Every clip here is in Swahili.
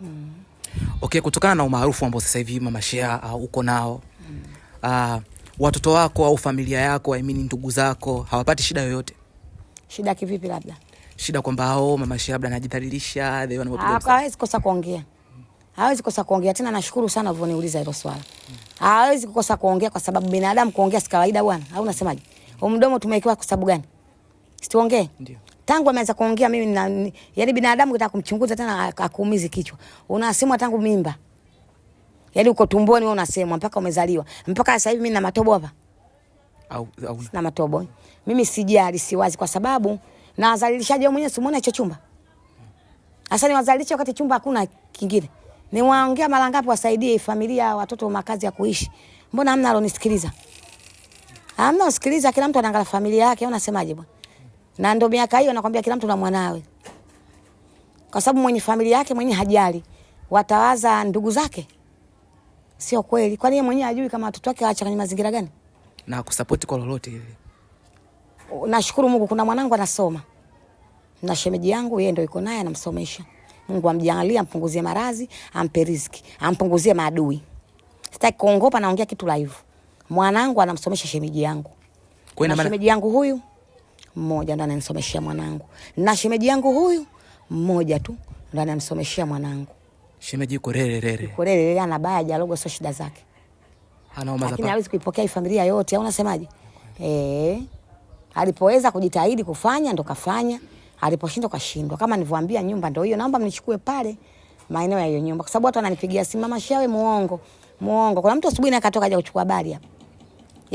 Mm. Okay, kutokana na umaarufu ambao sasa hivi Mama Shea uh, uko nao mm. uh, watoto wako au familia yako I mean ndugu zako hawapati shida yoyote? Shida kivipi? Labda shida kwamba hao oh, Mama Shea labda anajidhalilisha, hawezi kosa kuongea, hawezi kosa kuongea tena. Nashukuru sana ulivyoniuliza hilo swala. Hawezi kukosa kuongea kwa sababu binadamu kuongea si kawaida bwana, au unasemaje? Mdomo tumewekewa kwa sababu gani? Situongee ndio tangu ameanza kuongea mimi na yani binadamu kitaka kumchunguza tena akuumizi kichwa, unasemwa tangu mimba, yaani uko tumboni wewe unasemwa mpaka umezaliwa. Mpaka sasa hivi mimi na matobo hapa au, au na matobo mimi sijali, siwazi, kwa sababu na wazalilishaji mwenyewe, si muone hicho chumba hasa ni wazalishaji wakati chumba hakuna kingine. Niwaongea mara ngapi wasaidie familia, watoto makazi ya kuishi? Mbona hamna alonisikiliza? Hamna usikiliza, kila mtu anaangalia familia yake. Unasemaje bwana? na ndo miaka hiyo nakwambia kila mtu na mwanawe, kwa sababu mwenye familia yake mwenye hajali watawaza ndugu zake, sio kweli? Kwani yeye mwenyewe ajui kama watoto wake waacha kwenye mazingira gani? Na kusapoti kwa lolote hivi. Nashukuru Mungu, kuna mwanangu anasoma na shemeji yangu, yeye ndio yuko naye anamsomesha. Mungu amjalie, ampunguzie marazi, ampe riziki, ampunguzie maadui. Sitaki kuongopa, naongea kitu live. Mwanangu anamsomesha shemeji yangu, kwa ina maana shemeji yangu huyu mmoja ndo ananisomeshea mwanangu, na shemeji yangu huyu mmoja tu ndo anamsomeshea mwanangu. Shemeji yuko rere rere, yuko rere rere, ana baya jalogo, sio shida zake, anaomba lakini hawezi kuipokea familia yote, au unasemaje? Eh, alipoweza kujitahidi kufanya ndo kafanya, aliposhindwa kashindwa. Kama nilivyowaambia, nyumba ndo hiyo, naomba mnichukue pale maeneo ya hiyo nyumba, kwa sababu watu wananipigia simu, mama Shawe muongo muongo. Kuna mtu asubuhi naye katoka aja kuchukua habari hapa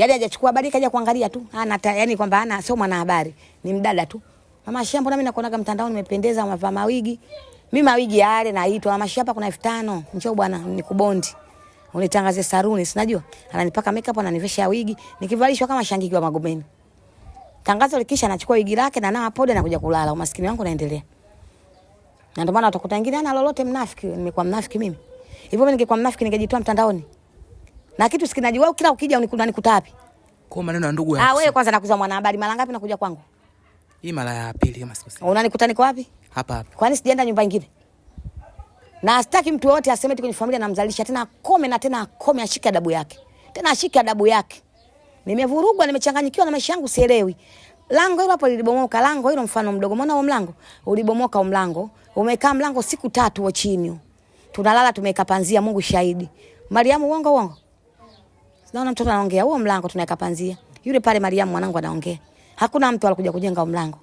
Yaani hajachukua habari kaja kuangalia tu. Ana yani kwamba ana sio mwana habari, ni mdada tu. Mama Shia, mbona mimi nakuonaga mtandaoni nimependeza umevaa mawigi? Mimi mawigi yale naitwa Mama Shia, hapa kuna 5000. Njoo bwana nikubondi. Unitangaze saruni, sinajua. Ananipaka makeup ananivesha wigi, nikivalishwa kama shangiki wa Magomeni. Tangazo likisha anachukua wigi lake na nawa poda na kuja kulala. Umaskini wangu unaendelea. Na ndio maana utakuta wengine ana lolote mnafiki. Nimekuwa mnafiki mimi. Hivyo mimi ningekuwa mnafiki ningejitoa mtandaoni na kitu sikinaji wewe, kila ukija unanikuta wapi? Kwa maneno ya ndugu yangu. Ah, wewe kwanza nakuza mwanahabari, mara ngapi nakuja kwangu? Hii mara ya pili kama sikosea. Unanikuta niko wapi? Hapa hapa. Kwani sijaenda nyumba nyingine? Na sitaki mtu wote aseme kwenye familia namzalisha tena akome na tena akome ashike adabu yake. Tena ashike adabu yake. Nimevurugwa, nimechanganyikiwa na maisha yangu sielewi. Lango hilo hapo lilibomoka, lango hilo mfano mdogo. Mbona huo mlango? Ulibomoka huo mlango. Umekaa mlango siku tatu huo chini. Tunalala tumekaa panzia, Mungu shahidi. Mariamu, uongo uongo. Naona mtoto anaongea, huo mlango tunaweka Yule pale Mariam mwanangu anaongea. Hakuna mtu alikuja kujenga mlango.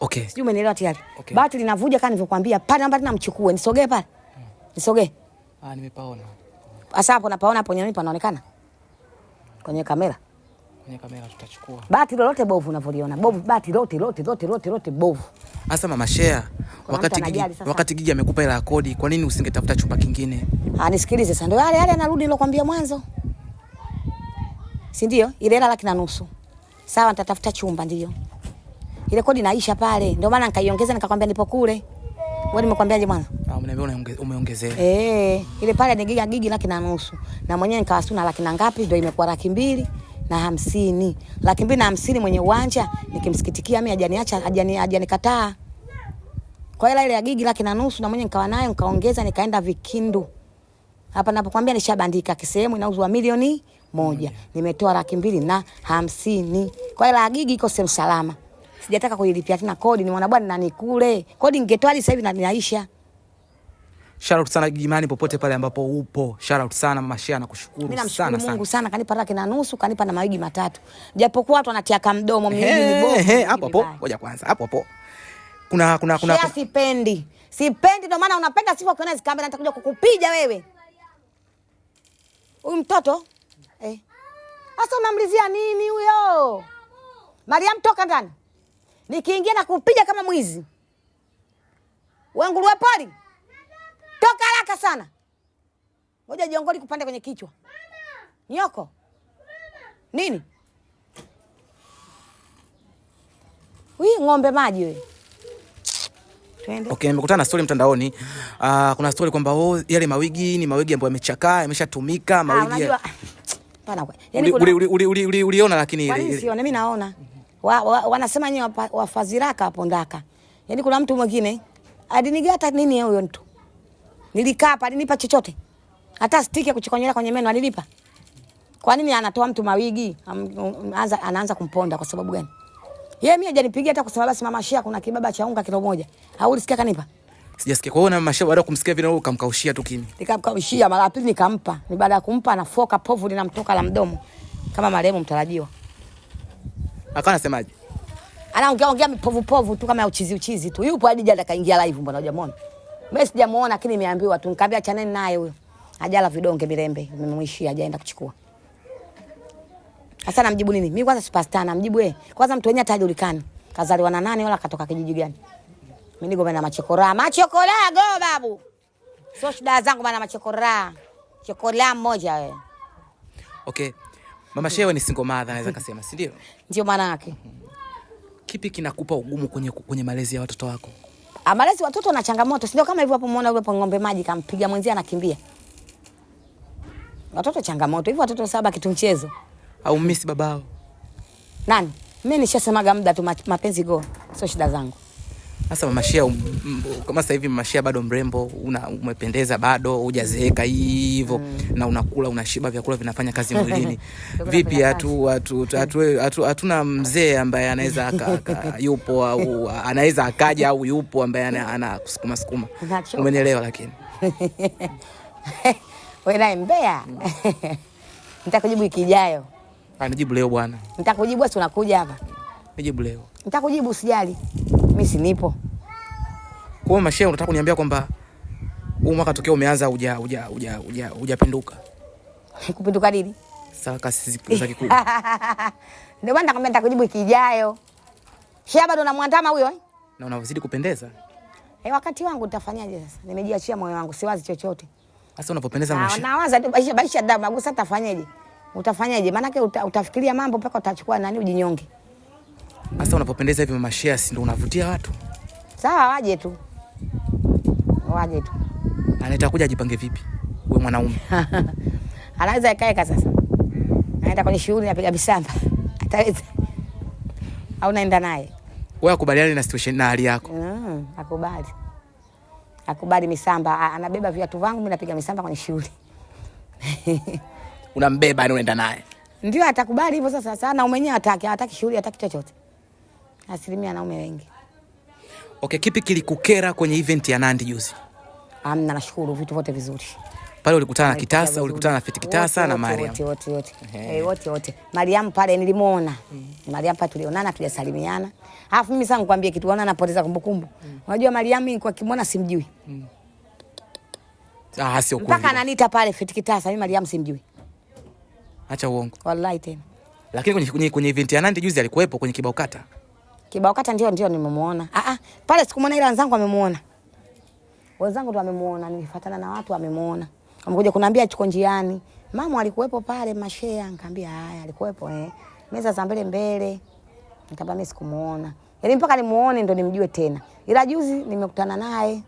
Okay. Sijui umenielewa tayari. Okay. Bati linavuja kama nilivyokuambia, pale namba tunamchukue. Nisogee pale. Hmm. Nisogee. Ah, nimepaona. Asa hapo napaona hapo nyani panaonekana. Kwenye kamera. Kwenye kamera tutachukua. Bati lolote bovu unavyoliona. Bovu bati lote lote lote lote lote bovu. Hasa mama share wakati Gigi, wakati Gigi amekupa hela ya kodi, kwa nini usingetafuta chumba kingine? Ah, nisikilize sasa. Ndio yale yale anarudi nilokuambia mwanzo. Si ndio? Ile hela laki na nusu. Sawa, nitatafuta chumba ndio. Ile kodi naisha pale. Ndio maana nikaiongeza nikakwambia nipo kule. Wewe nimekwambiaje mwana? Ah, unaongeza, umeongezea. Eh, ile pale ni Gigi Gigi laki na nusu. Na mwenyewe nikawasuna laki na ngapi ndio imekuwa laki mbili na hamsini, laki mbili na hamsini. Mwenye uwanja nikimsikitikia mi ajaniacha ajani ajanikataa kwa hela ile ya gigi laki na nusu, na mwenye nikawa nayo nikaongeza nikaenda Vikindu. Hapa napokwambia nishabandika kisehemu inauzwa milioni moja, nimetoa laki mbili na hamsini kwa hela ya gigi, iko sehemu salama, sijataka kuilipia tena kodi. Ni mwanabwana na nikule kodi, ningetoa hadi sasa hivi na ninaisha Shout out sana Gimani, popote pale ambapo upo, shout out sana mama Shea, nakushukuru sana. sana. Mimi namshukuru Mungu sana, kanipa laki na nusu, kanipa na mawigi matatu, japokuwa watu wanatia ka mdomo mimi ni Eh, hapo hapo. Ngoja kwanza, hapo hapo kuna kuna kuna Shea, sipendi sipendi. Ndio maana unapenda sifa kwa nazi kamera, nitakuja kukupiga wewe, huyu mtoto eh, sasa unamlizia nini huyo? Mariam, toka ndani, nikiingia na kupiga kama mwizi, wewe nguruwe pori Toka haraka sana. Ngoja jiongoli kupanda kwenye kichwa. Mama. Nyoko. Mama. Nini? Wii ng'ombe maji wewe. Twende. Okay, nimekutana na story mtandaoni. Uh, kuna story kwamba oh, yale mawigi ni mawigi ambayo yamechakaa, yameshatumika, ah, mawigi. Ha, Pana kwa. Yaani kuna uliona lakini ile. Mimi siona, mimi naona. Wa, wa, wanasema nyinyi wafaziraka wa hapo ndaka. Yaani kuna mtu mwingine adinigata nini huyo mtu? Nilikaa hapa, alinipa chochote? Hata stiki ya kuchokonyelea kwenye meno alinipa? Kwa nini anatoa mtu mawigi, anaanza anaanza kumponda kwa sababu gani? Yeye mimi hajanipigia hata kusema basi mama Shia kuna kibaba cha unga kilo moja. Au ulisikia kanipa? Sijasikia. Kwa hiyo na mama Shia baada ya kumsikia vile wewe ukamkaushia tu kimi. Nikamkaushia mara pili nikampa. Ni baada ya kumpa anafoka povu linamtoka la mdomo kama marehemu mtarajiwa. Akawa anasemaje? Anaongea ongea mipovu povu tu kama uchizi uchizi tu. Yupo hadi jana kaingia live mbona hujamwona? Mimi sijamuona lakini nimeambiwa tu, nikamwambia achana naye huyo. Ajala vidonge mirembe, nimemwishia ajaenda kuchukua. Sasa namjibu nini? Mimi kwanza superstar namjibu yeye. Eh, kwanza mtu wenyewe hatajulikani. Kazaliwa na nani wala katoka kijiji gani? Mimi niko na machokora, machokora go babu. Sio shida zangu bana machokora. Chokora moja wewe. Okay. Mama Shewe ni single mother naweza kusema, si ndio? Ndio maana yake. Kipi kinakupa ugumu kwenye kwenye malezi ya watoto wako? amalezi watoto na changamoto, sindio Kama hivyo hapo muona yule ng'ombe maji kampiga mwenzie anakimbia. Watoto changamoto. Hivyo watoto saba kitu mchezo. Au miss babao. Nani? Mimi nishasemaga muda tu mapenzi go. Sio shida zangu hasa mashia um, kama sasa hivi mashia bado mrembo, una umependeza bado, hujazeeka hivyo mm. na unakula unashiba, vyakula vinafanya kazi mwilini vipi? Mm. Hatu hatuna mzee ambaye anaweza yupo au anaweza akaja au yupo ambaye anakusukuma sukuma, umenielewa? Lakini wewe naye mbea, mm. nitakujibu wiki ijayo. Ah, leo bwana, nitakujibu. Unakuja hapa, nijibu leo, nitakujibu, usijali mimi sinipo. Kwa hiyo mashehe, unataka kuniambia kwamba huu mwaka tokea umeanza uja uja uja uja hujapinduka. Kupinduka nini? Sasa kasi zipo za kikubwa. Ndio maana nakwambia nitakujibu wiki ijayo. Shia bado unamwandama huyo eh? Na unazidi kupendeza. Eh, wakati wangu nitafanyaje sasa? Nimejiachia moyo wangu, siwazi chochote. Sasa unapopendeza ah, mwisho. Na waza tu maisha maisha damu, sasa utafanyaje? Utafanyaje? Maana yake utafikiria mambo mpaka utachukua nani ujinyonge hasa unapopendeza hivi mama Shea, si ndo unavutia watu? Sawa, waje tu, waje tu. Anaita kuja ajipange vipi? Wewe mwanaume anaweza ikaeka. Sasa anaenda kwenye shughuli, napiga bisamba, ataweza au naenda naye? Wewe akubaliani na situation na hali yako? Mm, akubali, akubali misamba. Anabeba viatu vangu, mimi napiga misamba kwenye shughuli unambeba, yani unaenda naye? Ndio, atakubali hivyo. Sasa sana, umenyewe hataki, hataki shughuli, hataki chochote asilimia wanaume wengi. Okay, kipi kilikukera kwenye event ya Nandi juzi? Amna, nashukuru vitu vyote vizuri. Pale ulikutana na Kitasa, ulikutana na Fiti Kitasa na Mariam. Wote wote wote. Eh, wote wote. Mariam pale nilimuona. Mm. Mariam pale tulionana tulisalimiana. Alafu mimi sasa nikwambie kitu, naona napoteza kumbukumbu. Mm. Unajua Mariam mimi kwa kimona simjui. Mm. Ah, sio kweli. Mpaka ananiita pale Fiti Kitasa, mimi Mariam simjui. Acha uongo. Wallahi tena. Lakini kwenye kwenye event ya Nandi juzi alikuwepo kwenye kibao kata. Kibao kata ndio ndio nimemuona. Ah ah, pale sikumwona ila wenzangu wamemuona. Wenzangu ndio wamemuona, nilifuatana na watu wamemuona. Wamekuja kuniambia chuko njiani. Mama alikuwepo pale mashea, nikamwambia haya alikuwepo eh. Meza za mbele mbele. Nikamwambia mimi sikumuona. Yaani mpaka nimuone ndo nimjue tena. Ila juzi nimekutana naye.